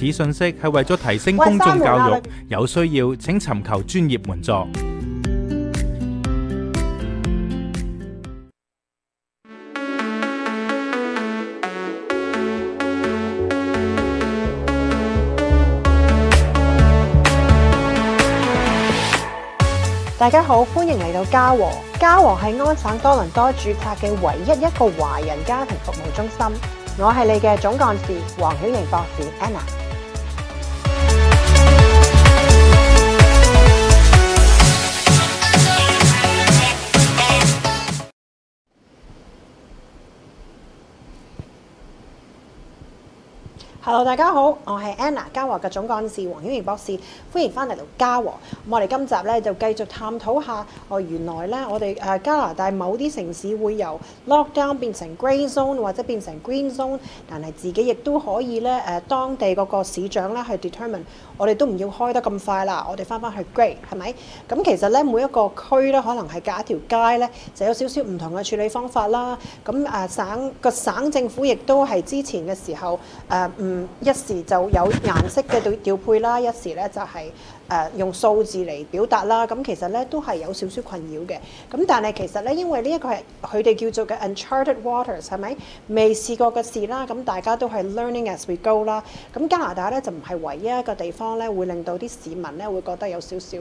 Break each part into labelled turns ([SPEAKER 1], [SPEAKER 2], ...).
[SPEAKER 1] 此信息係為咗提升公眾教育，有需要請尋求專業援助。啊、
[SPEAKER 2] 大家好，歡迎嚟到嘉禾。嘉禾係安省多倫多註冊嘅唯一一個華人家庭服務中心。我係你嘅總幹事黃曉瑩博士 Anna。Hello 大家好，我係 Anna 嘉禾嘅總幹事黃曉怡博士，歡迎翻嚟到嘉禾。咁我哋今集咧就繼續探討下，哦、呃、原來咧我哋誒、呃、加拿大某啲城市會由 lockdown 變成 grey zone 或者變成 green zone，但係自己亦都可以咧誒、呃、當地嗰個市長咧去 determine，我哋都唔要開得咁快啦，我哋翻翻去 grey 係咪？咁其實咧每一個區咧可能係隔一條街咧就有少少唔同嘅處理方法啦。咁誒、呃、省個省政府亦都係之前嘅時候誒唔。呃嗯一時就有顏色嘅對調配啦，一時咧就係、是、誒、呃、用數字嚟表達啦。咁其實咧都係有少少困擾嘅。咁但係其實咧，因為呢一個係佢哋叫做嘅 uncharted waters 係咪？未試過嘅事啦。咁大家都係 learning as we go 啦。咁加拿大咧就唔係唯一一個地方咧，會令到啲市民咧會覺得有少少。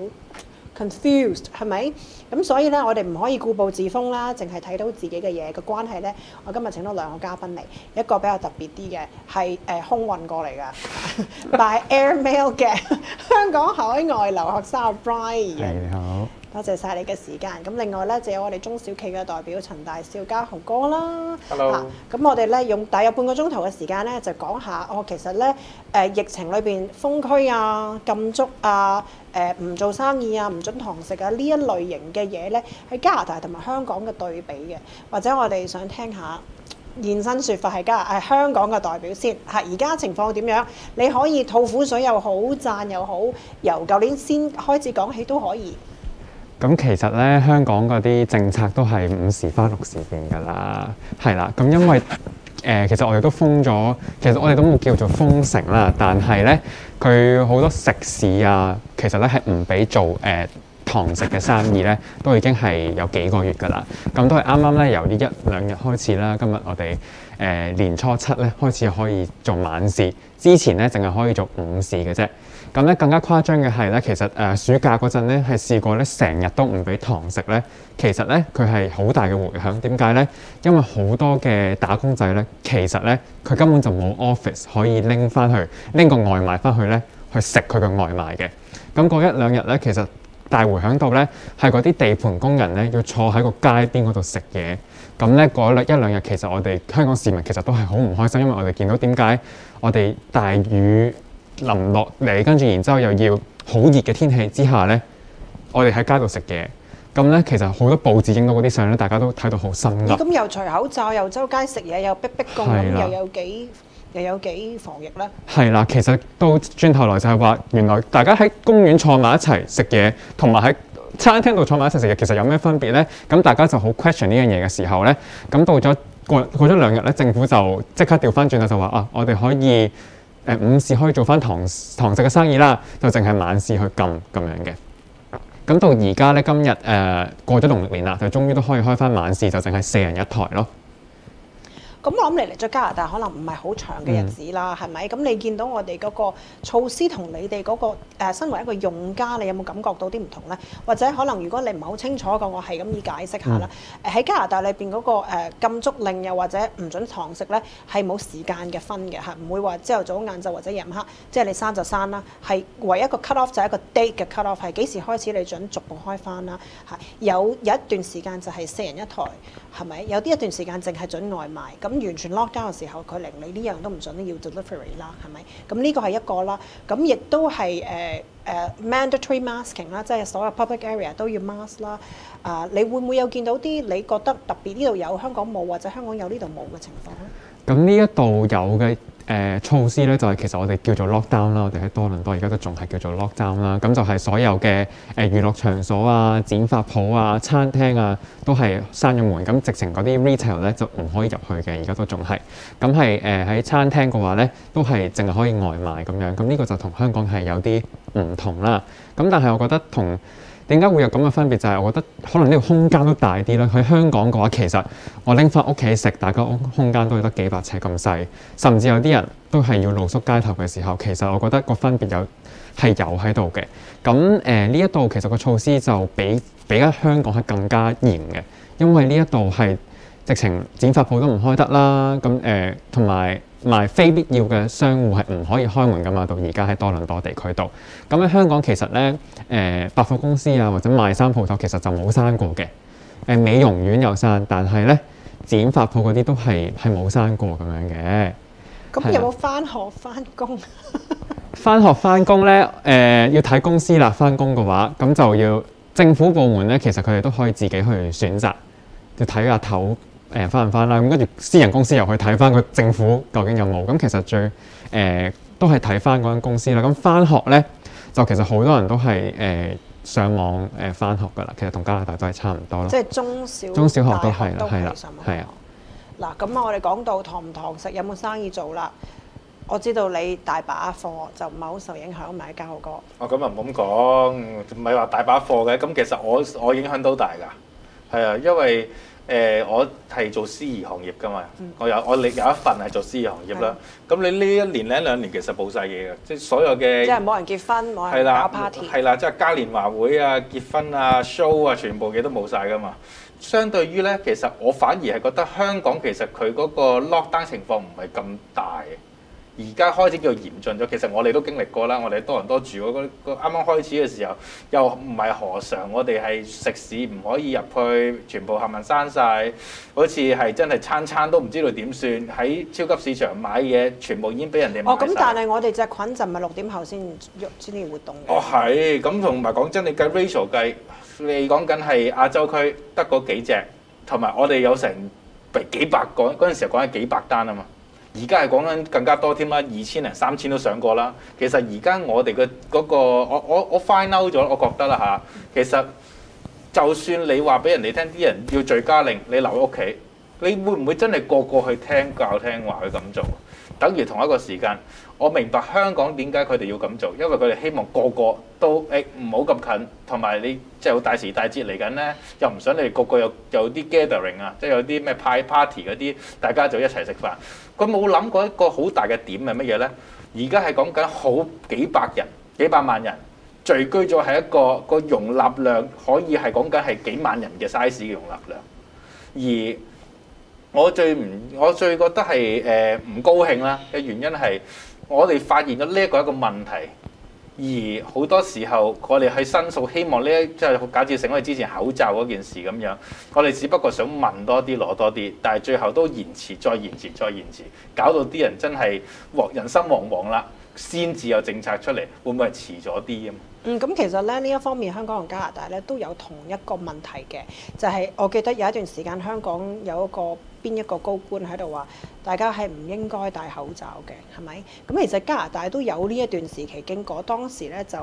[SPEAKER 2] Confused 係咪？咁所以呢，我哋唔可以固步自封啦，淨係睇到自己嘅嘢，個關係呢，我今日請到兩個嘉賓嚟，一個比較特別啲嘅係誒空運過嚟嘅 ，by air mail 嘅 香港海外留學生阿 Brian。你好。多謝晒你嘅時間。咁另外呢，就有我哋中小企嘅代表陳大少、家豪哥啦。Hello、啊。咁我哋呢，用大約半個鐘頭嘅時間呢，就講下哦。其實呢，誒、呃、疫情裏邊封區啊、禁足啊、誒、呃、唔做生意啊、唔準堂食啊呢一類型嘅嘢呢，喺加拿大同埋香港嘅對比嘅，或者我哋想聽下現身説法，係加拿大、係香港嘅代表先係而家情況點樣？你可以吐苦水又好，讚又好，由舊年先開始講起都可以。
[SPEAKER 3] 咁其實咧，香港嗰啲政策都係五時花六時變噶啦，係啦。咁因為誒、呃，其實我哋都封咗，其實我哋都冇叫做封城啦。但係咧，佢好多食肆啊，其實咧係唔俾做誒、呃、堂食嘅生意咧，都已經係有幾個月噶啦。咁都係啱啱咧由呢一兩日開始啦。今日我哋誒、呃、年初七咧開始可以做晚市，之前咧淨係可以做午市嘅啫。咁咧更加誇張嘅係咧，其實誒、呃、暑假嗰陣咧係試過咧成日都唔俾堂食咧，其實咧佢係好大嘅回響。點解咧？因為好多嘅打工仔咧，其實咧佢根本就冇 office 可以拎翻去拎個外賣翻去咧去食佢嘅外賣嘅。咁過一兩日咧，其實大回響度咧係嗰啲地盤工人咧要坐喺個街邊嗰度食嘢。咁咧過一兩日，其實我哋香港市民其實都係好唔開心，因為我哋見到點解我哋大雨。淋落嚟，跟住然之後又要好熱嘅天氣之下呢，我哋喺街度食嘢，咁、嗯、呢，其實好多報紙影到嗰啲相呢，大家都睇到好新嘅。咁
[SPEAKER 2] 又除口罩，又周街食嘢，又逼逼公，的又有幾又有幾防疫
[SPEAKER 3] 呢？係啦，其實到轉頭來就係話，原來大家喺公園坐埋一齊食嘢，同埋喺餐廳度坐埋一齊食嘢，其實有咩分別呢？咁、嗯、大家就好 question 呢樣嘢嘅時候呢。咁、嗯、到咗過過咗兩日呢，政府就即刻調翻轉啦，就話啊，我哋可以。誒、呃、午市可以做翻堂堂食嘅生意啦，就淨係晚市去撳咁樣嘅。咁到而家咧，今日誒、呃、過咗農曆年啦，就終於都可以開翻晚市，就淨係四人一台咯。
[SPEAKER 2] 咁我諗你嚟咗加拿大可能唔係好長嘅日子啦，係咪？咁你見到我哋嗰個措施同你哋嗰個誒，身為一個用家，你有冇感覺到啲唔同咧？或者可能如果你唔係好清楚嘅話，我係咁意解釋下啦。誒喺加拿大裏邊嗰個誒禁足令又或者唔準堂食咧，係冇時間嘅分嘅嚇，唔會話朝頭早晏晝或者夜晚黑，即係你刪就刪啦。係唯一一個 cut off 就係一個 date 嘅 cut off，係幾時開始你準逐步開翻啦？係有有一段時間就係四人一台，係咪？有啲一段時間淨係準外賣咁。咁完全 lock down 嘅時候，佢令你呢樣都唔準要 delivery 啦，係咪？咁呢個係一個啦，咁亦都係誒誒 mandatory masking 啦，即係所有 public area 都要 mask 啦。啊，你會唔會有見到啲你覺得特別呢度有香港冇，或者香港有呢度冇嘅情況咧？
[SPEAKER 3] 咁呢一度有嘅誒、呃、措施咧，就係、是、其實我哋叫做 lockdown 啦。我哋喺多倫多而家都仲係叫做 lockdown 啦。咁就係所有嘅誒、呃、娛樂場所啊、剪髮鋪啊、餐廳啊，都係閂咗門。咁直情嗰啲 retail 咧就唔可以入去嘅。而家都仲係咁，係誒喺餐廳嘅話咧，都係淨係可以外賣咁樣。咁呢個就同香港係有啲唔同啦。咁但係我覺得同點解會有咁嘅分別？就係我覺得可能呢個空間都大啲啦。喺香港嘅話，其實我拎翻屋企食，大家屋空間都係得幾百尺咁細，甚至有啲人都係要露宿街頭嘅時候。其實我覺得個分別有係有喺度嘅。咁誒呢一度其實個措施就比比而家香港係更加嚴嘅，因為呢一度係直情剪髮鋪都唔開得啦。咁誒同埋。呃賣非必要嘅商戶係唔可以開門㗎嘛？到而家喺多倫多地區度，咁喺香港其實咧，誒、呃、百貨公司啊或者賣衫鋪頭其實就冇閂過嘅。誒美容院有閂，但係咧剪髮鋪嗰啲都係係冇閂過咁樣嘅。咁有冇
[SPEAKER 2] 翻學翻工？
[SPEAKER 3] 翻 學翻工咧，誒、呃、要睇公司啦。翻工嘅話，咁就要政府部門咧，其實佢哋都可以自己去選擇，要睇下頭。誒翻唔翻啦？咁跟住私人公司又去睇翻個政府究竟有冇？咁其實最誒、呃、都係睇翻嗰間公司啦。咁翻學咧，就其實好多人都係誒、呃、上網誒翻學噶啦。其實同加拿大都係差唔多咯。即係中小中小學都係啦，係啦，係啊的。
[SPEAKER 2] 嗱，咁啊的，的我哋講到堂唔堂食有冇生意做啦？我知道你大把課就唔係好受影響，咪家豪哥。
[SPEAKER 1] 啊、哦，咁又唔好講，唔係話大把課嘅。咁其實我我影響都大噶，係啊，因為。誒，我係做司儀行業㗎嘛，嗯、我有我你有一份係做司儀行業啦。咁你呢一年咧兩年其實冇晒嘢嘅，即係所有嘅即係
[SPEAKER 2] 冇人結婚，冇人搞 party，係
[SPEAKER 1] 啦，即係嘉年華會啊、結婚啊、show 啊，全部嘢都冇晒㗎嘛。相對於咧，其實我反而係覺得香港其實佢嗰個 lockdown 情況唔係咁大。而家開始叫嚴峻咗，其實我哋都經歷過啦。我哋多倫多住嗰嗰啱啱開始嘅時候，又唔係何嘗，我哋係食肆唔可以入去，全部冚唪唥晒。好似係真係餐餐都唔知道點算。喺超級市場買嘢，全部已經俾人哋買晒。哦，咁但係
[SPEAKER 2] 我哋隻菌就唔係六點後先先至活動。
[SPEAKER 1] 哦，係，咁同埋講真，你計 Rachel 計，你講緊係亞洲區得嗰幾隻，同埋我哋有成幾百個嗰陣時候講緊幾百單啊嘛。而家係講緊更加多添啦，二千零三千都上過啦。其實而家我哋嘅嗰個，我我我 find out 咗，我覺得啦嚇。其實就算你話俾人哋聽，啲人要居家令，你留喺屋企，你會唔會真係個個去聽教聽話去咁做？等於同一個時間。我明白香港點解佢哋要咁做，因為佢哋希望個個都誒唔好咁近，同埋你即係好大時大節嚟緊呢，又唔想你哋個個有有啲 gathering 啊，ing, 即係有啲咩派 party 嗰啲，大家就一齊食飯。佢冇諗過一個好大嘅點係乜嘢呢？而家係講緊好幾百人、幾百萬人聚居咗，係一個個容納量可以係講緊係幾萬人嘅 size 嘅容納量。而我最唔，我最覺得係誒唔高興啦嘅原因係。我哋發現咗呢一個一個問題，而好多時候我哋去申訴，希望呢即係假設成我哋之前口罩嗰件事咁樣，我哋只不過想問多啲攞多啲，但係最後都延遲、再延遲、再延遲，搞到啲人真係人心惶惶啦。先至有政策出嚟，會唔會係遲咗啲啊？嗯，
[SPEAKER 2] 咁其實咧呢一方面，香港同加拿大咧都有同一個問題嘅，就係、是、我記得有一段時間香港有一個。邊一個高官喺度話？大家係唔應該戴口罩嘅係咪？咁其實加拿大都有呢一段時期經過，當時咧就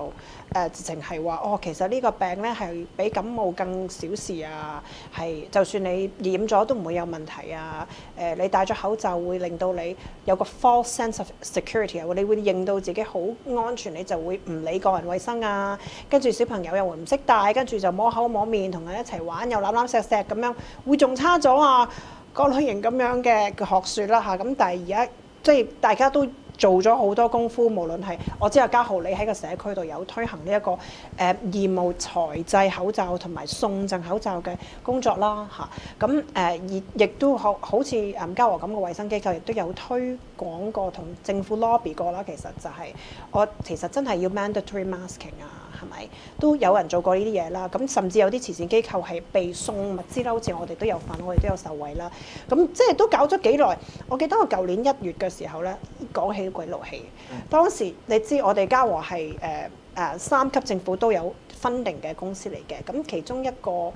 [SPEAKER 2] 誒直情係話哦，其實呢個病咧係比感冒更小事啊，係就算你染咗都唔會有問題啊。誒、呃，你戴咗口罩會令到你有個 false sense of security 啊，你會認到自己好安全，你就會唔理個人衞生啊。跟住小朋友又會唔識戴，跟住就摸口摸面，同人一齊玩又攬攬錫錫咁樣，會仲差咗啊！各類型咁樣嘅個學説啦嚇，咁但係而家即係大家都做咗好多功夫，無論係我知阿嘉豪你喺個社區度有推行呢、這、一個誒、呃、義務財製口罩同埋送贈口罩嘅工作啦嚇，咁誒而亦都好好似阿嘉和咁嘅衞生機構，亦都有推廣過同政府 lobby 過啦。其實就係、是、我其實真係要 mandatory masking 啊。係咪都有人做過呢啲嘢啦？咁、嗯、甚至有啲慈善機構係被送物資啦，好似我哋都有份，我哋都有受惠啦。咁、嗯、即係都搞咗幾耐。我記得我舊年一月嘅時候咧，講起鬼佬氣。當時你知我哋嘉禾係誒誒三級政府都有 funding 嘅公司嚟嘅。咁、嗯、其中一個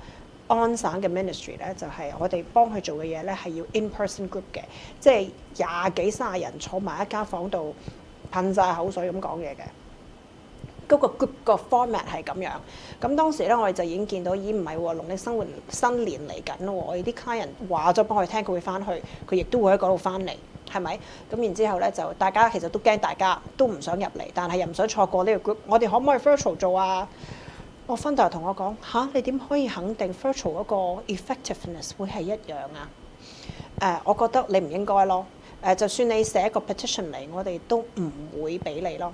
[SPEAKER 2] 安省嘅 ministry 咧，就係、是、我哋幫佢做嘅嘢咧，係要 in-person group 嘅，即係廿幾卅人坐埋一間房度噴晒口水咁講嘢嘅。嗰個 group 個 format 係咁樣，咁當時咧我哋就已經見到，已經唔係喎，農曆新年新年嚟緊咯，我哋啲客人話咗幫我哋聽，佢會翻去，佢亦都會喺嗰度翻嚟，係咪？咁然之後咧就大家其實都驚，大家都唔想入嚟，但係又唔想錯過呢個 group，我哋可唔可以 virtual 做啊？我分頭同我講吓，你點可以肯定 virtual 嗰個 effectiveness 會係一樣啊？誒、呃，我覺得你唔應該咯。誒、呃，就算你寫一個 petition 嚟，我哋都唔會俾你咯。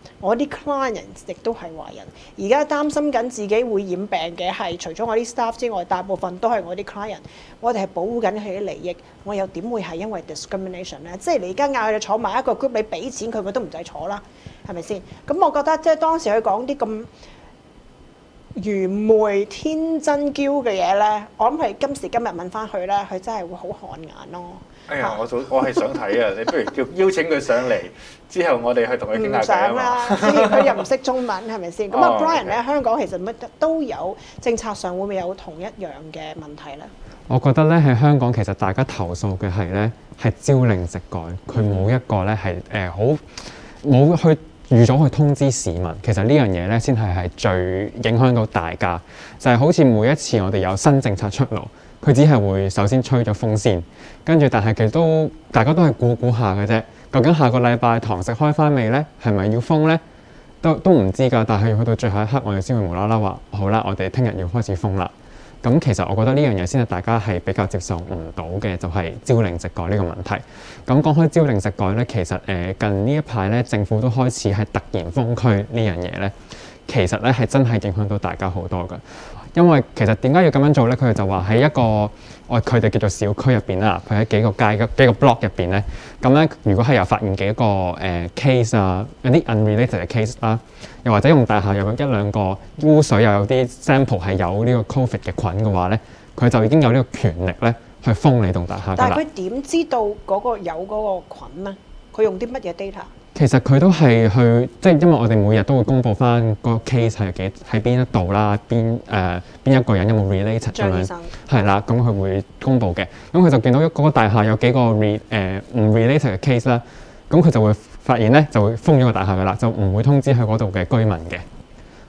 [SPEAKER 2] 我啲 client 亦都係華人，而家擔心緊自己會染病嘅係除咗我啲 staff 之外，大部分都係我啲 client。我哋係保護緊佢嘅利益，我又點會係因為 discrimination 咧？即係你而家嗌佢哋坐埋一個 group，你俾錢佢，佢都唔使坐啦，係咪先？咁、嗯、我覺得即係當時佢講啲咁愚昧、天真、嬌嘅嘢咧，我諗係今時今日問翻佢咧，佢真係會好汗顏咯。
[SPEAKER 1] 哎呀，我早我係想睇啊！你不如叫邀請佢上嚟， 之後我哋去同佢傾下
[SPEAKER 2] 偈啦。佢 又唔識中文，係咪先？咁啊、 哦、 ，Brian 咧，Okay. 香港其實乜都有，政策上會唔會有同一樣嘅問
[SPEAKER 3] 題咧？我覺得咧，喺香港其實大家投訴嘅係咧，係朝令夕改，佢冇一個咧係誒好冇去預早去通知市民。其實呢樣嘢咧，先係係最影響到大家。就係、是、好似每一次我哋有新政策出爐。佢只係會首先吹咗風先，跟住但係其實都大家都係估估下嘅啫，究竟下個禮拜堂食開翻未呢？係咪要封呢？都都唔知㗎。但係去到最後一刻，我哋先會無啦啦話：好啦，我哋聽日要開始封啦。咁其實我覺得呢樣嘢先係大家係比較接受唔到嘅，就係、是、招令食改呢個問題。咁講開朝令夕改呢，其實誒、呃、近呢一排呢，政府都開始係突然封區呢樣嘢呢，其實呢係真係影響到大家好多㗎。因為其實點解要咁樣做咧？佢哋就話喺一個我佢哋叫做小區入邊啦，佢喺幾個街嘅幾個 block 入邊咧，咁咧如果係有發現幾個誒、呃、case 啊，有啲 unrelated 嘅 case 啦、啊，又或者用大廈有咗一兩個污水又有啲 sample 係有個 CO 嘅呢個 Covid 嘅菌嘅話咧，佢就已經有呢個權力咧去封你棟大廈。但係佢
[SPEAKER 2] 點知道嗰個有嗰個菌咧？佢用啲乜
[SPEAKER 3] 嘢 data？其實佢都係去，即係因為我哋每日都會公佈翻個 case 係幾喺邊一度啦，邊誒邊一個人有冇 related 咁生樣，係啦，咁佢會公佈嘅。咁佢就見到一嗰個大廈有幾個 re 唔、呃、related 嘅 case 啦，咁佢就會發現咧就會封咗個大廈㗎啦，就唔會通知佢嗰度嘅居民嘅。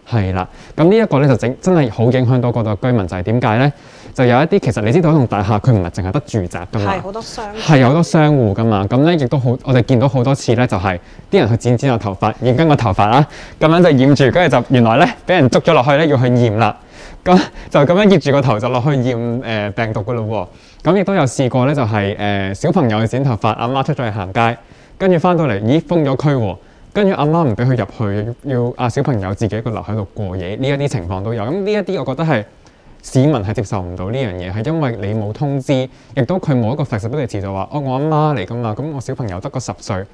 [SPEAKER 3] 係啦，咁呢一個咧就整真係好影響到嗰度嘅居民，就係點解咧？就有一啲，其實你知道，一棟大廈佢唔係淨係得住宅㗎嘛，係好多商戶，係有好多商戶㗎嘛。咁咧亦都好，我哋見到好多次咧，就係、是、啲人去剪剪下頭髮，染根個頭髮啊，咁樣就染住，跟住就原來咧俾人捉咗落去咧，要去驗啦。咁就咁樣醃住個頭就落去驗誒、呃、病毒㗎咯喎。咁亦都有試過咧，就係、是、誒、呃、小朋友去剪頭髮，阿媽出咗去行街，跟住翻到嚟，咦封咗區喎，跟住阿媽唔俾佢入去，要阿小朋友自己一個留喺度過夜。呢一啲情況都有，咁呢一啲我覺得係。市民係接受唔到呢樣嘢，係因為你冇通知，亦都佢冇一個 factual、er、就話，哦，我阿媽嚟㗎嘛，咁我小朋友得個十歲，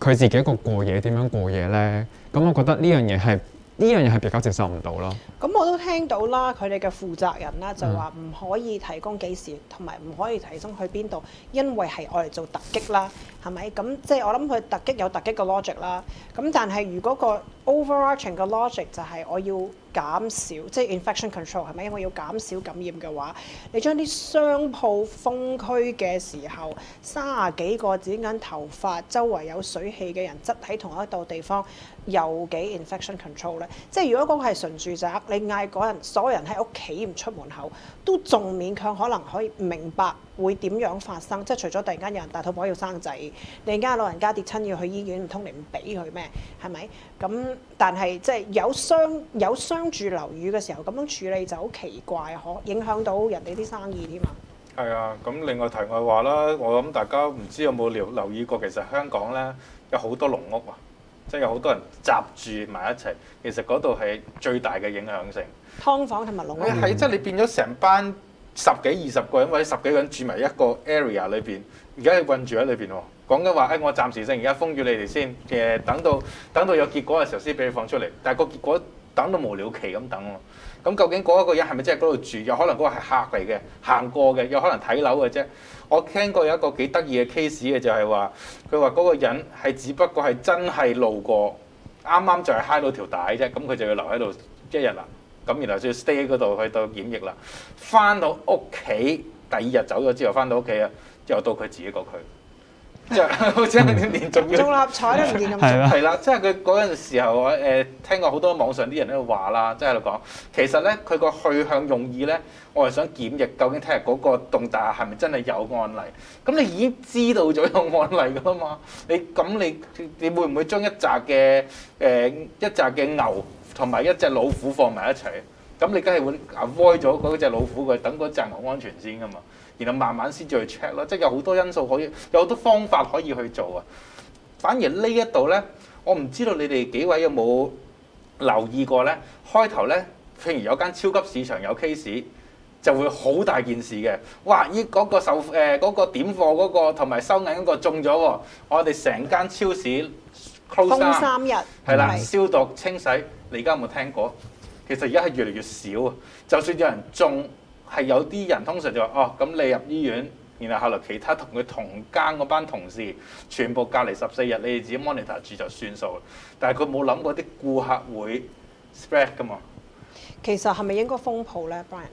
[SPEAKER 3] 佢自己一個過夜點樣過夜呢？咁我覺得呢樣嘢係呢樣嘢係比較接受唔到咯。
[SPEAKER 2] 咁、嗯、我都聽到啦，佢哋嘅負責人啦就話唔可以提供幾時，同埋唔可以提供去邊度，因為係我哋做突擊啦。係咪咁？即係我諗佢突擊有突擊嘅 logic 啦。咁但係如果個 overarching 嘅 logic 就係我要減少，即係 infection control 係咪？因為我要減少感染嘅話，你將啲商鋪封區嘅時候，三十幾個剪緊頭髮、周圍有水氣嘅人擠喺同一度地方，有幾 infection control 咧？即係如果講係純住宅，你嗌嗰人所有人喺屋企唔出門口，都仲勉強可能可以明白。會點樣發生？即係除咗突然間有人大肚婆要生仔，突然間老人家跌親要去醫院，唔通你唔俾佢咩？係咪？咁但係即係有商有商住樓宇嘅時候，咁樣處理就好奇怪，可影響到人哋啲生意添啊。
[SPEAKER 1] 係啊，咁另外題外話啦，我諗大家唔知有冇留留意過，其實香港咧有好多農屋啊，即係有好多人集住埋一齊，其實嗰度係最大嘅影響性。劏房同埋農屋。係、嗯，即係你變咗成班。十幾二十個人，或者十幾個人住埋一個 area 裏邊，而家韞住喺裏邊喎。講緊話，我暫時性而家封住你哋先，誒、呃，等到等到有結果嘅時候先俾你放出嚟。但係個結果等到無了期咁等喎。咁、嗯嗯、究竟嗰個人係咪真係嗰度住？有可能嗰個係客嚟嘅，行過嘅，有可能睇樓嘅啫。我聽過有一個幾得意嘅 case 嘅，就係話佢話嗰個人係只不過係真係路過，啱啱就係嗨到條帶啫。咁、嗯、佢就要留喺度，一日喇。咁然後就要 stay 嗰度去到檢疫啦，翻到屋企第二日走咗之後，翻到屋企啊，又到佢自己個區，即係好似連連續嘅。連續立彩都唔見。咁係啦，即係佢嗰陣時候我誒、呃、聽過好多網上啲人喺度話啦，即係喺度講，其實咧佢個去向用意咧，我係想檢疫究竟聽日嗰個棟大係咪真係有案例？咁你已經知道咗有案例㗎啦嘛，你咁你你會唔會將一扎嘅誒一扎嘅牛？同埋一隻老虎放埋一齊，咁你梗係會 avoid 咗嗰隻老虎，佢等嗰隻好安全先噶嘛，然後慢慢先再去 check 咯，即係有好多因素可以，有好多方法可以去做啊。反而呢一度呢，我唔知道你哋幾位有冇留意過呢？開頭呢，譬如有間超級市場有 case，就會好大件事嘅。哇！依、這、嗰個售誒嗰個點貨嗰、那個同埋收銀嗰個中咗，我哋成間超市。封 Close 三
[SPEAKER 2] 日，係啦的，是消
[SPEAKER 1] 毒清洗，你而家有冇聽過？其實而家係越嚟越少啊！就算有人中，係有啲人通常就話：哦，咁你入醫院，然後後來其他同佢同間嗰班同事，全部隔離十四日，你哋自己 monitor 住就算數。但係佢冇諗過啲顧客會 spread 㗎嘛？
[SPEAKER 2] 其實係咪應該封鋪咧，Brian？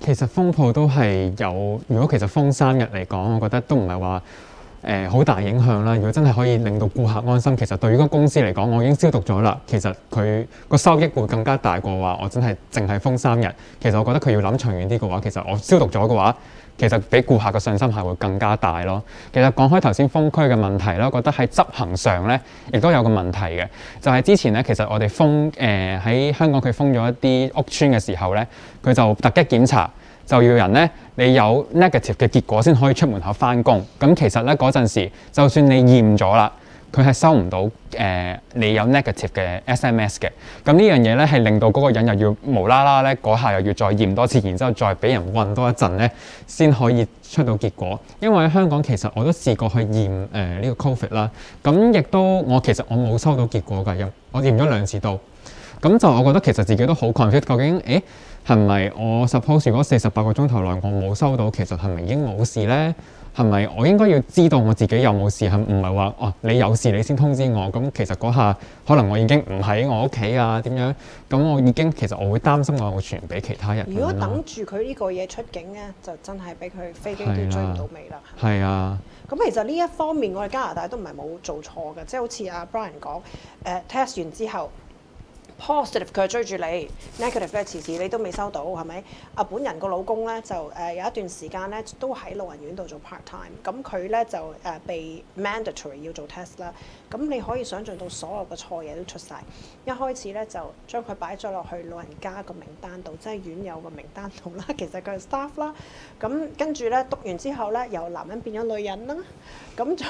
[SPEAKER 3] 其實封鋪都係有。如果其實封三日嚟講，我覺得都唔係話。誒好、呃、大影響啦！如果真係可以令到顧客安心，其實對於個公司嚟講，我已經消毒咗啦。其實佢個收益會更加大過話，我真係淨係封三日。其實我覺得佢要諗長遠啲嘅話，其實我消毒咗嘅話，其實俾顧客嘅信心係會更加大咯。其實講開頭先封區嘅問題啦，我覺得喺執行上呢，亦都有個問題嘅，就係、是、之前呢，其實我哋封誒喺、呃、香港佢封咗一啲屋邨嘅時候呢，佢就突擊檢查。就要人咧，你有 negative 嘅結果先可以出門口返工。咁其實咧嗰陣時，就算你驗咗啦，佢係收唔到誒、呃、你有 negative 嘅 SMS 嘅。咁呢樣嘢咧係令到嗰個人又要無啦啦咧，嗰下又要再驗多次，然之後再俾人韞多一陣咧，先可以出到結果。因為喺香港其實我都試過去驗誒呢、呃這個 Covid 啦，咁亦都我其實我冇收到結果㗎，有我驗咗兩次到。咁就我覺得其實自己都好 conflict，究竟誒？欸係咪我 suppose 如果四十八個鐘頭內我冇收到，其實係咪已經冇事呢？係咪我應該要知道我自己有冇事？係唔係話哦？你有事你先通知我。咁、嗯嗯嗯嗯、其實嗰下可能我已經唔喺我屋企啊？點樣？咁我已經其實我會擔心我會傳俾其他人、啊。如果等
[SPEAKER 2] 住佢呢個嘢出境呢，就真係俾佢飛機都追唔到尾啦。
[SPEAKER 3] 係啊。
[SPEAKER 2] 咁、啊、其實呢一方面，我哋加拿大都唔係冇做錯嘅，即、就、係、是、好似阿、啊、Brian 講，誒、呃、test 完之後。positive 佢追住你，negative 嘅遲遲你都未收到，係咪啊？本人個老公咧就誒有一段時間咧都喺老人院度做 part time，咁佢咧就誒被 mandatory 要做 test 啦。咁你可以想像到所有嘅錯嘢都出晒。一開始咧就將佢擺咗落去老人家個名單度，即係院友個名單度啦。其實佢係 staff 啦。咁跟住咧讀完之後咧，由男人變咗女人啦。咁再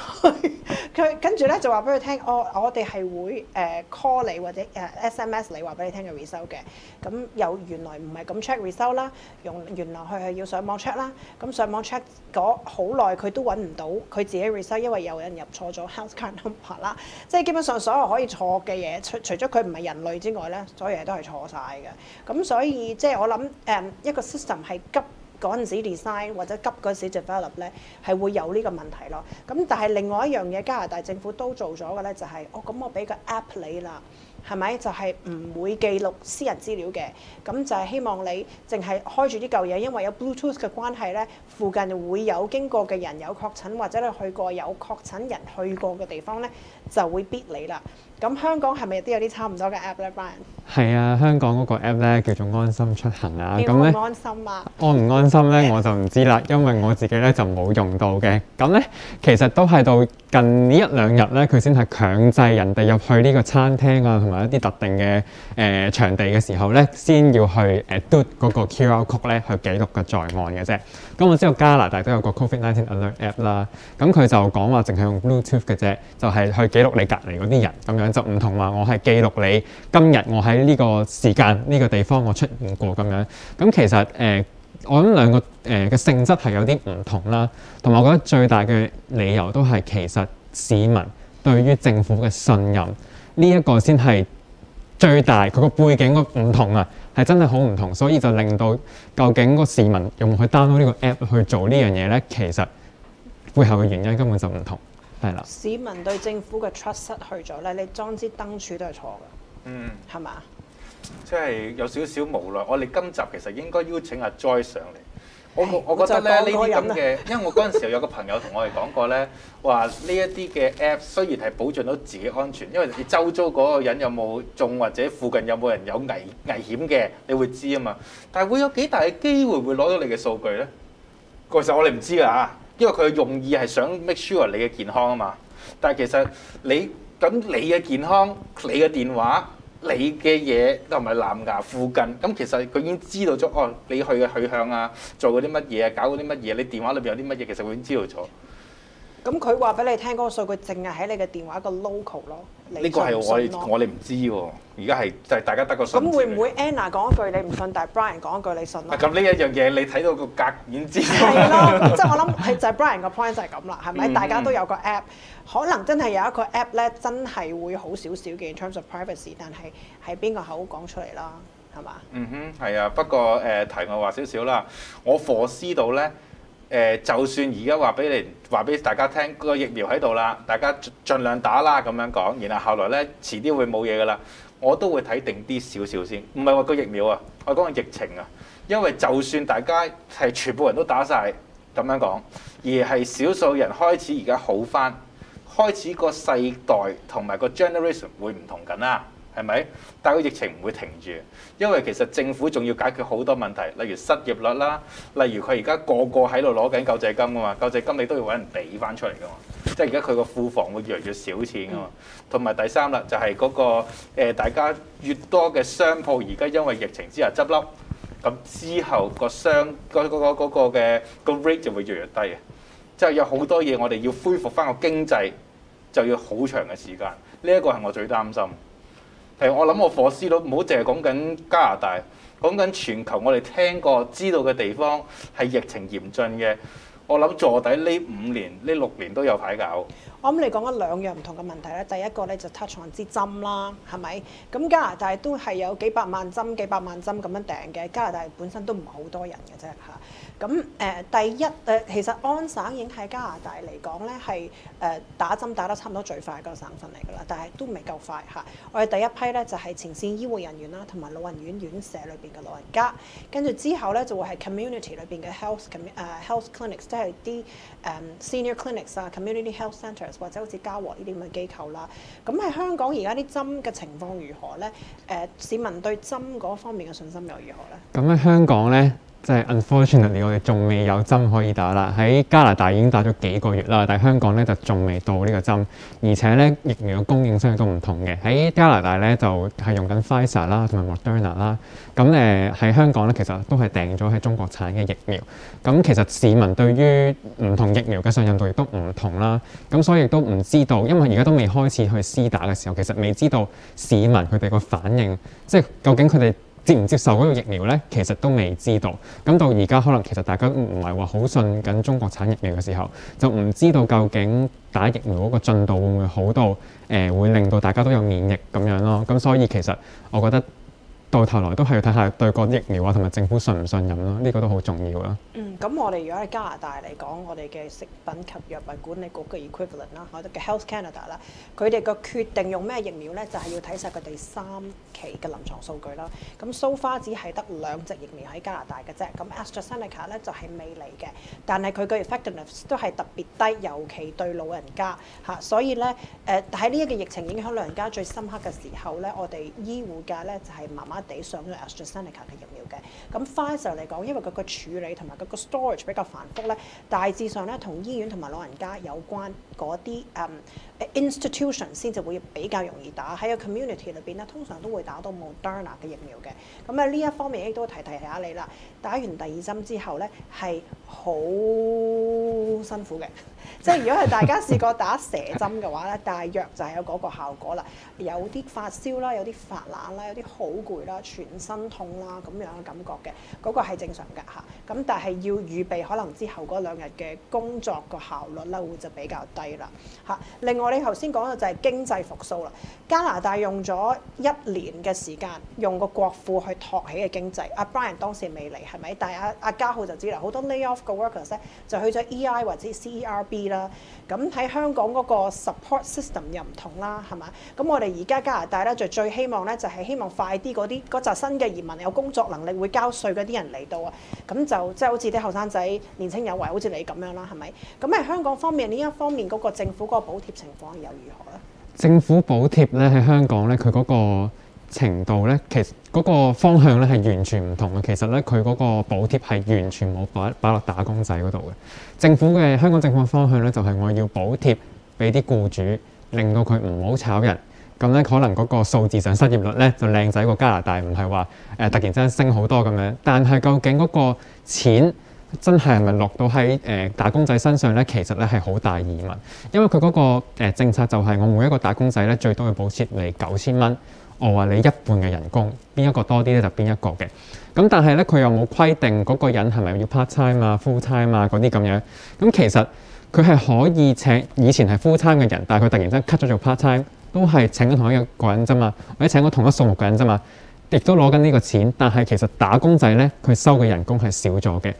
[SPEAKER 2] 佢跟住咧就話俾佢聽，我我哋係會誒、呃、call 你或者誒、呃、SMS 你話俾你聽嘅 result 嘅。咁、嗯、又原來唔係咁 check result 啦，用原來佢係要上網 check 啦。咁上網 check 嗰好耐，佢都揾唔到，佢自己 result，因為有人入錯咗 house card number 啦。即係基本上所有可以錯嘅嘢，除除咗佢唔係人類之外咧，所有嘢都係錯晒嘅。咁、嗯、所以即係我諗誒、呃、一個 system 係急，嗰陣時 design 或者急嗰時 develop 咧，係會有呢個問題咯。咁但係另外一樣嘢，加拿大政府都做咗嘅咧，就係哦，咁我俾個 app 你啦，係咪？就係唔會記錄私人資料嘅。咁就係希望你淨係開住啲舊嘢，因為有 Bluetooth 嘅關係咧，附近會有經過嘅人有確診，或者你去過有確診人去過嘅地方咧，就會逼你啦。咁香港係咪都
[SPEAKER 3] 有啲差唔多嘅 app 咧？Brian 係啊，香港嗰個 app 咧，叫做安心出行啊。咁咧，安唔安心啊？安唔安心咧，我就唔知啦，因為我自己咧就冇用到嘅。咁咧，其實都係到近呢一兩日咧，佢先係強制人哋入去呢個餐廳啊，同埋一啲特定嘅誒場地嘅時候咧，先要去誒 do 嗰個 QR code 咧去記錄嘅在案嘅啫。咁我知道加拿大都有個 COVID-19 Alert app 啦，咁佢就講話淨係用 Bluetooth 嘅啫，就係去記錄你隔離嗰啲人咁樣。就唔同話，我係記錄你今日我喺呢個時間呢個地方我出現過咁樣。咁其實誒、呃，我諗兩個誒嘅、呃、性質係有啲唔同啦。同埋我覺得最大嘅理由都係其實市民對於政府嘅信任呢一個先係最大。佢個背景個唔同啊，係真係好唔同，所以就令到究竟個市民有冇去 download 呢個 app 去做呢樣嘢呢？其實背後嘅原因根本就唔同。
[SPEAKER 2] 市民對政府嘅 trust 失去咗咧，你裝支燈柱都係錯嘅。嗯，係嘛吧？
[SPEAKER 1] 即係有少少無奈。我哋今集其實應該邀請阿 Joy 上嚟。我我覺得咧呢啲咁嘅，因為我嗰陣時候有個朋友同我哋講過呢，話呢一啲嘅 app 雖然係保障到自己安全，因為你周遭嗰個人有冇中或者附近有冇人有危危險嘅，你會知啊嘛。但係會有幾大嘅機會會攞到你嘅數據呢？其實我哋唔知㗎。因為佢嘅用意係想 make sure 你嘅健康啊嘛，但係其實你咁你嘅健康、你嘅電話、你嘅嘢都唔係藍牙附近，咁其實佢已經知道咗哦，你去嘅去向啊，做過啲乜嘢啊，搞過啲乜嘢，你電話裏邊有啲乜嘢，其實佢已經知道咗。
[SPEAKER 2] 咁佢話俾你聽嗰個數據，淨係喺你嘅電話個 local 咯。呢個係我我
[SPEAKER 1] 哋唔知喎，而家係就係大家得個信。咁會唔會
[SPEAKER 2] Anna 講一句你唔信，但係 Brian 講一句你信咯？咁
[SPEAKER 1] 呢一樣嘢你睇到個格， 然之
[SPEAKER 2] 係咯。即係我諗，就係 Brian 個 point 就係咁啦，係咪？大家都有個 app，可能真係有一個 app 咧，真係會好少少嘅 in terms of privacy，但係喺邊個口講出嚟啦？
[SPEAKER 1] 係嘛？嗯哼，係啊。不過誒題外話少少啦，我考試到咧。誒、呃，就算而家話俾你話俾大家聽，個疫苗喺度啦，大家盡量打啦咁樣講，然後後來呢，遲啲會冇嘢噶啦，我都會睇定啲少少先，唔係話個疫苗啊，我講個疫情啊，因為就算大家係全部人都打晒，咁樣講，而係少數人開始而家好返，開始個世代同埋個 generation 會唔同緊啦。係咪？但個疫情唔會停住，因為其實政府仲要解決好多問題，例如失業率啦，例如佢而家個個喺度攞緊救濟金㗎嘛。救濟金你都要搵人俾翻出嚟㗎嘛，即係而家佢個庫房會越嚟越少錢㗎嘛。同埋第三啦，就係嗰個誒，大家越多嘅商鋪，而家因為疫情之下執笠，咁之後個商嗰嗰個嗰個嘅個 rate 就會越嚟越低啊。即係有好多嘢，我哋要恢復翻個經濟，就要好長嘅時間。呢一個係我最擔心。係我諗我火師都唔好淨係講緊加拿大，講緊全球我哋聽過知道嘅地方係疫情嚴峻嘅。我諗坐底呢五年、呢六年都有排搞。我諗你講緊
[SPEAKER 2] 兩樣唔同嘅問題咧，第一個咧就 touch on 支針啦，係咪？咁加拿大都係有幾百萬針、幾百萬針咁樣訂嘅。加拿大本身都唔係好多人嘅啫嚇。咁誒、呃、第一誒、呃、其實安省已經喺加拿大嚟講咧係誒打針打得差唔多最快嗰個省份嚟㗎啦，但係都未夠快嚇。我、啊、哋第一批咧就係、是、前線醫護人員啦，同埋老人院院舍裏邊嘅老人家，跟住之後咧就會係 community 裏邊嘅 health 誒、uh, health clinics，即係啲誒 senior clinics 啊、uh,，community health centers 或者好似嘉禾呢啲咁嘅機構啦。咁喺香港而家啲針嘅情況如何咧？誒、呃、市民對針嗰方面嘅信心又如何
[SPEAKER 3] 咧？咁喺香港咧？即係 unfortunately，我哋仲未有針可以打啦。喺加拿大已經打咗幾個月啦，但係香港咧就仲未到呢個針。而且咧疫苗嘅供應商亦都唔同嘅。喺加拿大咧就係、是、用緊 Pfizer 啦，同埋 Moderna 啦。咁誒喺香港咧，其實都係訂咗喺中國產嘅疫苗。咁其實市民對於唔同疫苗嘅信任度亦都唔同啦。咁所以亦都唔知道，因為而家都未開始去施打嘅時候，其實未知道市民佢哋個反應，即係究竟佢哋。接唔接受嗰個疫苗呢？其實都未知道。咁到而家可能其實大家唔係話好信緊中國產疫苗嘅時候，就唔知道究竟打疫苗嗰個進度會唔會好到，誒、呃、會令到大家都有免疫力咁樣咯。咁所以其實我覺得。到頭來都係要睇下對個疫苗啊同埋政府信唔信任啦，呢、這個都好重要啦。
[SPEAKER 2] 嗯，咁我哋如果喺加拿大嚟講，我哋嘅食品及藥物管理局嘅 equivalent 啦，我哋嘅 Health Canada 啦，佢哋嘅決定用咩疫苗咧，就係、是、要睇晒佢哋三期嘅臨床數據啦。咁 so far 只係得兩隻疫苗喺加拿大嘅啫，咁 AstraZeneca 咧就係、是、未嚟嘅，但係佢嘅 effectiveness 都係特別低，尤其對老人家嚇、啊。所以咧，誒喺呢一個疫情影響老人家最深刻嘅時候咧，我哋醫護界咧就係慢慢。地上咗 AstraZeneca 嘅疫苗嘅，咁 Pfizer 嚟講，因為佢個處理同埋佢個 storage 比較繁複咧，大致上咧同醫院同埋老人家有關嗰啲誒 institution 先至會比較容易打喺個 community 裏邊咧，通常都會打到 Moderna 嘅疫苗嘅，咁啊呢一方面亦都提提下你啦，打完第二針之後咧係好。辛苦嘅，即係 如果係大家試過打蛇針嘅話咧，大約就係有嗰個效果啦。有啲發燒啦，有啲發冷啦，有啲好攰啦，全身痛啦咁樣嘅感覺嘅，嗰個係正常㗎吓，咁但係要預備可能之後嗰兩日嘅工作個效率咧會就比較低啦吓，另外你頭先講到就係經濟復甦啦，加拿大用咗一年嘅時間用個國庫去托起嘅經濟，阿 Brian 當時未嚟係咪？但係阿阿家浩就知啦，好多 lay off 嘅 workers 咧就去咗 EI 或或者 CRB 啦，咁喺香港嗰個 support system 又唔同啦，係嘛？咁我哋而家加拿大咧就最希望咧就係、是、希望快啲嗰啲嗰扎新嘅移民有工作能力會交稅嗰啲人嚟到啊，咁就即係、就是、好似啲後生仔、年輕有為，好似你咁樣啦，係咪？咁喺香港方面呢一方面嗰、那個政府嗰個補貼情況又如何
[SPEAKER 3] 咧？政府補貼咧喺香港咧，佢嗰、那個。程度咧，其實嗰個方向咧係完全唔同嘅。其實咧，佢嗰個補貼係完全冇擺擺落打工仔嗰度嘅。政府嘅香港政府方向咧，就係、是、我要補貼俾啲僱主，令到佢唔好炒人。咁咧，可能嗰個數字上失業率咧就靚仔過加拿大，唔係話誒突然之間升好多咁樣。但係究竟嗰個錢真係係咪落到喺誒、呃、打工仔身上咧？其實咧係好大疑問，因為佢嗰、那個、呃、政策就係我每一個打工仔咧最多要補貼你九千蚊。我話你一半嘅人工邊一個多啲咧，就邊一個嘅咁。但係咧，佢又冇規定嗰個人係咪要 part time 啊、full time 啊嗰啲咁樣。咁其實佢係可以請以前係 full time 嘅人，但係佢突然間 cut 咗做 part time，都係請緊同一個個人啫嘛，或者請我同一數目個人啫嘛，亦都攞緊呢個錢，但係其實打工仔咧，佢收嘅人工係少咗嘅。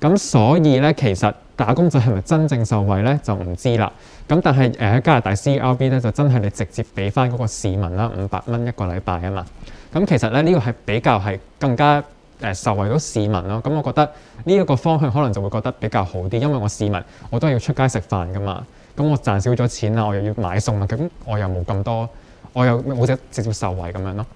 [SPEAKER 3] 咁所以咧，其實。打工仔係咪真正受惠咧？就唔知啦。咁但係誒喺加拿大 CRB 咧，就真係你直接俾翻嗰個市民啦，五百蚊一個禮拜啊嘛。咁其實咧呢、這個係比較係更加誒、呃、受惠到市民咯。咁我覺得呢一個方向可能就會覺得比較好啲，因為我市民我都係要出街食飯噶嘛。咁我賺少咗錢啦，我又要買餸啊，咁我又冇咁多，我又冇只直接受惠咁樣咯。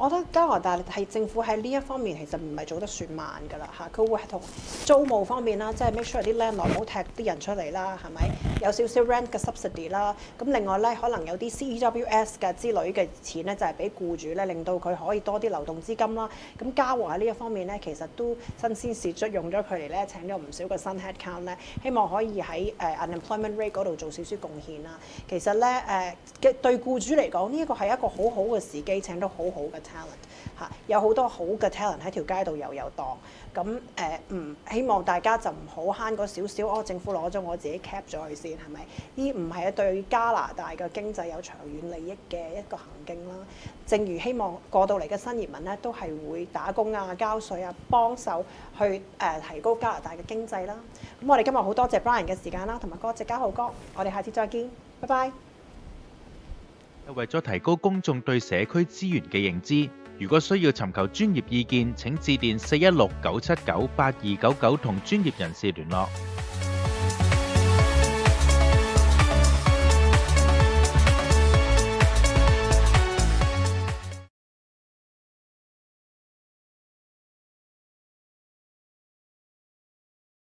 [SPEAKER 2] 我覺得加拿大係政府喺呢一方面其實唔係做得算慢㗎啦嚇，佢、啊、會係同租務方面啦、啊，即係 make sure 啲 landlord 唔好踢啲人出嚟啦，係咪？有少少 rent 嘅 subsidy 啦、啊，咁另外咧可能有啲 CEWS 嘅之類嘅錢咧就係俾僱主咧，令到佢可以多啲流動資金啦。咁、啊、加華喺呢一方面咧其實都新鮮事出，用咗佢嚟咧請咗唔少嘅新 headcount 咧，希望可以喺誒、uh, unemployment rate 嗰度做少少貢獻啦、啊。其實咧誒嘅對僱主嚟講呢一個係一個好好嘅時機，請得好好嘅。talent 嚇，有好多好嘅 talent 喺條街度遊遊蕩。咁誒，唔、呃嗯、希望大家就唔好慳嗰少少哦。政府攞咗我自己 cap 咗佢先，係咪？呢唔係對加拿大嘅經濟有長遠利益嘅一個行徑啦。正如希望過到嚟嘅新移民咧，都係會打工啊、交稅啊、幫手去誒、呃、提高加拿大嘅經濟啦。咁、嗯、我哋今日好多謝 Brian 嘅時間啦，同埋多謝嘉浩哥，我哋下次再見，拜拜。
[SPEAKER 1] 為咗提高公眾對社區資源嘅認知，如果需要尋求專業意見，請致電四一六九七九八二九九同專業人士聯絡。